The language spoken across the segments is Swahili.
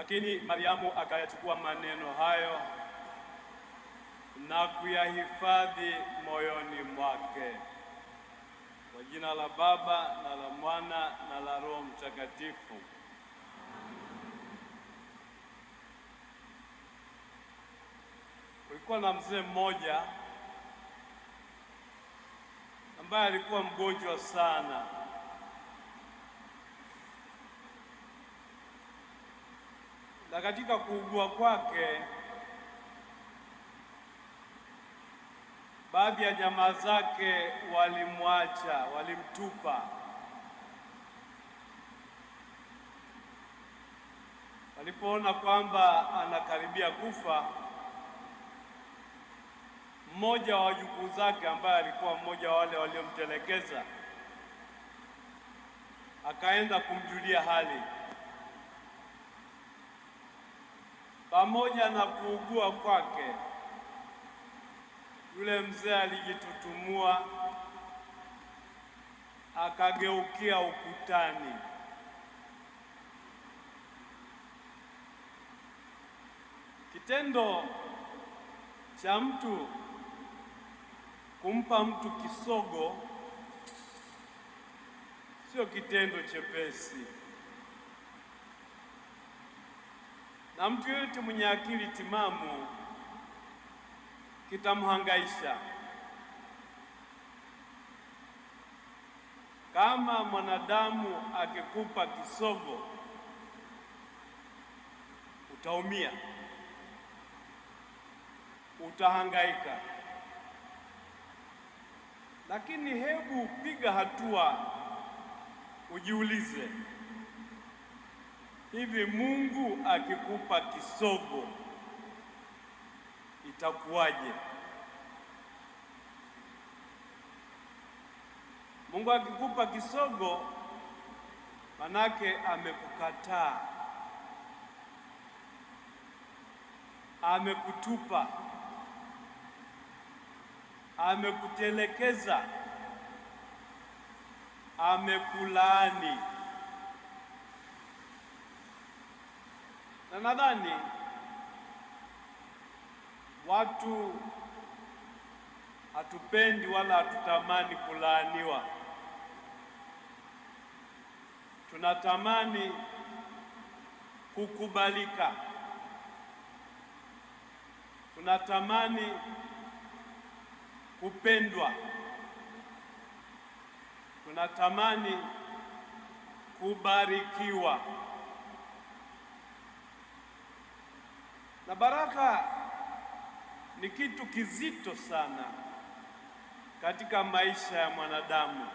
Lakini Mariamu akayachukua maneno hayo na kuyahifadhi moyoni mwake. Kwa jina la Baba na la Mwana na la Roho Mtakatifu. Kulikuwa na mzee mmoja ambaye alikuwa mgonjwa sana. na katika kuugua kwake baadhi ya jamaa zake walimwacha, walimtupa, walipoona kwamba anakaribia kufa. Mmoja wa wajukuu zake ambaye alikuwa mmoja wa wale waliomtelekeza akaenda kumjulia hali. pamoja na kuugua kwake, yule mzee alijitutumua akageukia ukutani. Kitendo cha mtu kumpa mtu kisogo sio kitendo chepesi. na mtu yeyote mwenye akili timamu kitamhangaisha. Kama mwanadamu akikupa kisogo utaumia, utahangaika, lakini hebu piga hatua, ujiulize Hivi Mungu akikupa kisogo itakuwaje? Mungu akikupa kisogo, manake amekukataa, amekutupa, amekutelekeza, amekulaani. na nadhani watu hatupendi wala hatutamani kulaaniwa, tunatamani kukubalika, tunatamani kupendwa, tunatamani kubarikiwa. na baraka ni kitu kizito sana katika maisha ya mwanadamu.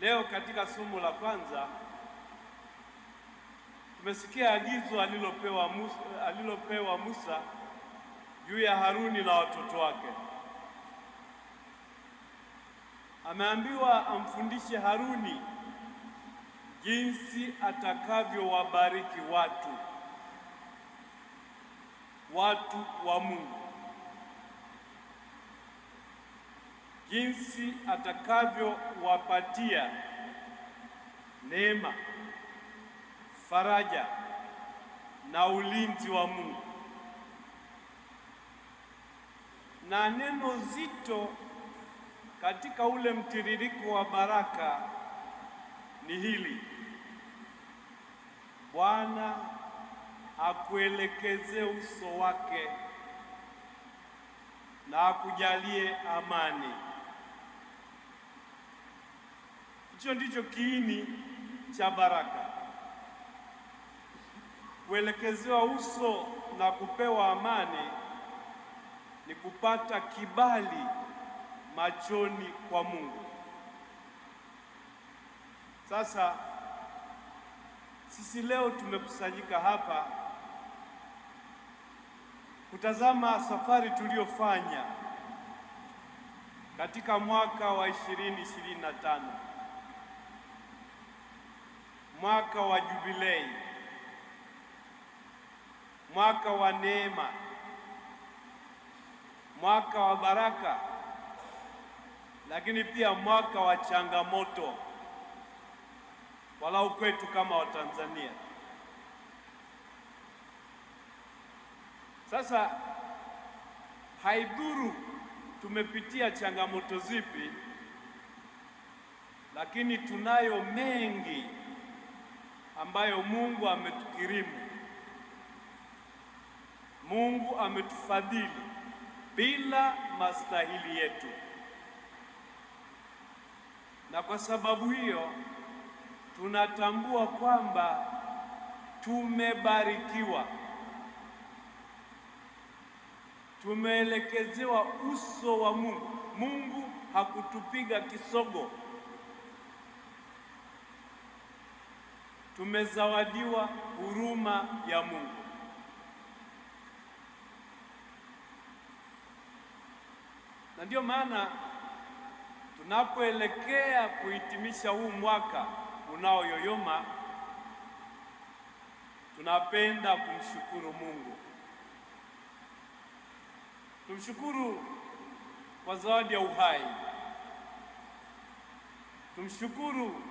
Leo katika somo la kwanza tumesikia agizo alilopewa Musa, alilopewa Musa juu ya Haruni na watoto wake. Ameambiwa amfundishe Haruni jinsi atakavyowabariki watu watu wa Mungu, jinsi atakavyowapatia neema, faraja na ulinzi wa Mungu. Na neno zito katika ule mtiririko wa baraka ni hili Bwana akuelekeze uso wake na akujalie amani. Hicho ndicho kiini cha baraka, kuelekezewa uso na kupewa amani ni kupata kibali machoni kwa Mungu. Sasa sisi leo tumekusanyika hapa kutazama safari tuliyofanya katika mwaka wa 2025 mwaka wa jubilei, mwaka wa neema, mwaka wa baraka, lakini pia mwaka wa changamoto walau kwetu kama Watanzania. Sasa haidhuru tumepitia changamoto zipi, lakini tunayo mengi ambayo Mungu ametukirimu, Mungu ametufadhili bila mastahili yetu, na kwa sababu hiyo tunatambua kwamba tumebarikiwa, tumeelekezewa uso wa Mungu. Mungu hakutupiga kisogo, tumezawadiwa huruma ya Mungu. Na ndiyo maana tunapoelekea kuhitimisha huu mwaka unaoyoyoma, tunapenda kumshukuru Mungu. Tumshukuru kwa zawadi ya uhai, tumshukuru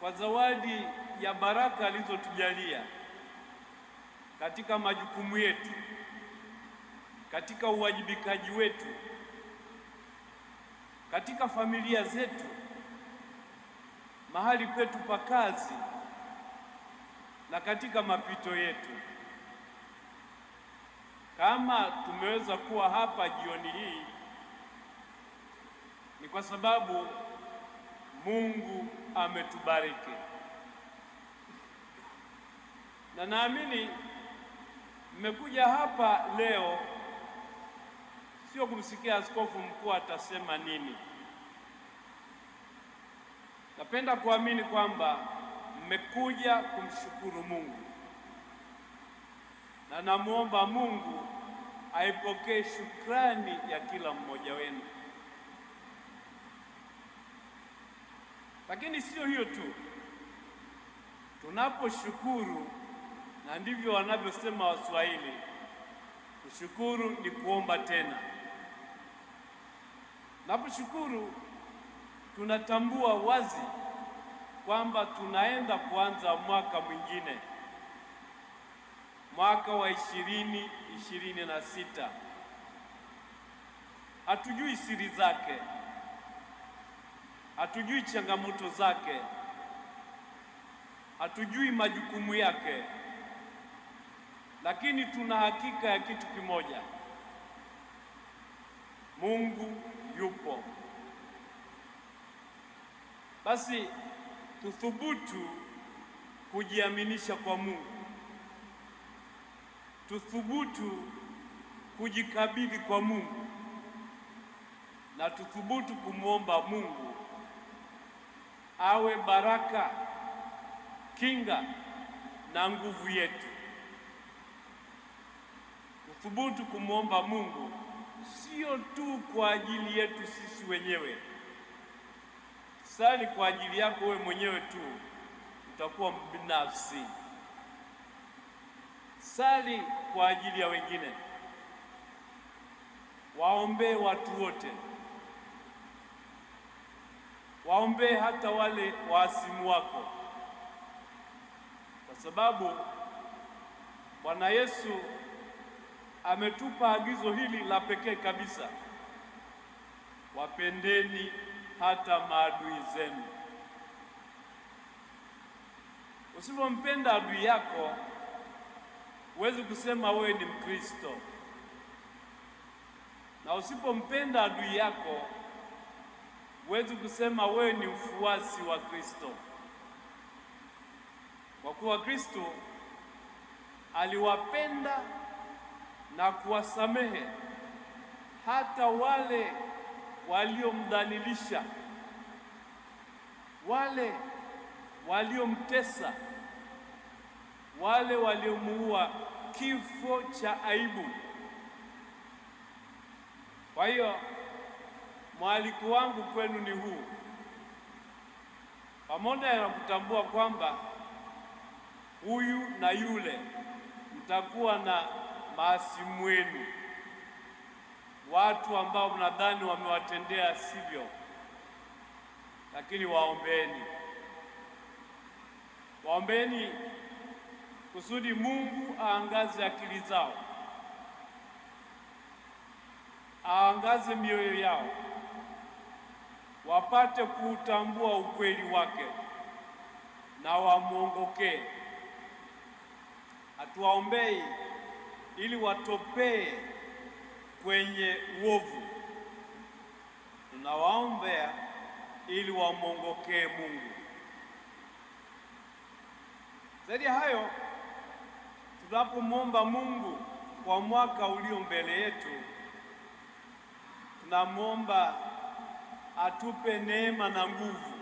kwa zawadi ya baraka alizotujalia katika majukumu yetu, katika uwajibikaji wetu, katika familia zetu mahali petu pa kazi na katika mapito yetu. Kama tumeweza kuwa hapa jioni hii ni kwa sababu Mungu ametubariki, na naamini mmekuja hapa leo sio kumsikia askofu mkuu atasema nini Napenda kuamini kwamba mmekuja kumshukuru Mungu na namwomba Mungu aipokee shukrani ya kila mmoja wenu. Lakini sio hiyo tu, tunaposhukuru, na ndivyo wanavyosema Waswahili, kushukuru ni kuomba tena. Naposhukuru tunatambua wazi kwamba tunaenda kuanza mwaka mwingine, mwaka wa ishirini ishirini na sita. Hatujui siri zake, hatujui changamoto zake, hatujui majukumu yake, lakini tuna hakika ya kitu kimoja: Mungu yupo. Basi tuthubutu kujiaminisha kwa Mungu, tuthubutu kujikabidhi kwa Mungu na tuthubutu kumwomba Mungu awe baraka, kinga na nguvu yetu. Tuthubutu kumwomba Mungu sio tu kwa ajili yetu sisi wenyewe sali kwa ajili yako wewe mwenyewe tu, utakuwa binafsi. Sali kwa ajili ya wengine, waombee watu wote, waombee hata wale waasimu wako, kwa sababu Bwana Yesu ametupa agizo hili la pekee kabisa, wapendeni hata maadui zenu. Usipompenda adui yako huwezi kusema wewe ni Mkristo, na usipompenda adui yako huwezi kusema wewe ni mfuasi wa Kristo, kwa kuwa Kristo aliwapenda na kuwasamehe hata wale waliomdhalilisha, wale waliomtesa, wale waliomuua kifo cha aibu. Kwa hiyo mwaliko wangu kwenu ni huu, pamoja na kutambua kwamba huyu na yule mtakuwa na maasimu wenu watu ambao mnadhani wamewatendea sivyo, lakini waombeni, waombeni kusudi Mungu aangaze akili zao, aangaze mioyo yao, wapate kuutambua ukweli wake na wamwongokee. Hatuwaombei ili watopee kwenye uovu. Tunawaombea ili wamwongokee Mungu. Zaidi ya hayo, tunapomwomba Mungu kwa mwaka ulio mbele yetu, tunamwomba atupe neema na nguvu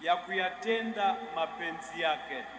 ya kuyatenda mapenzi yake.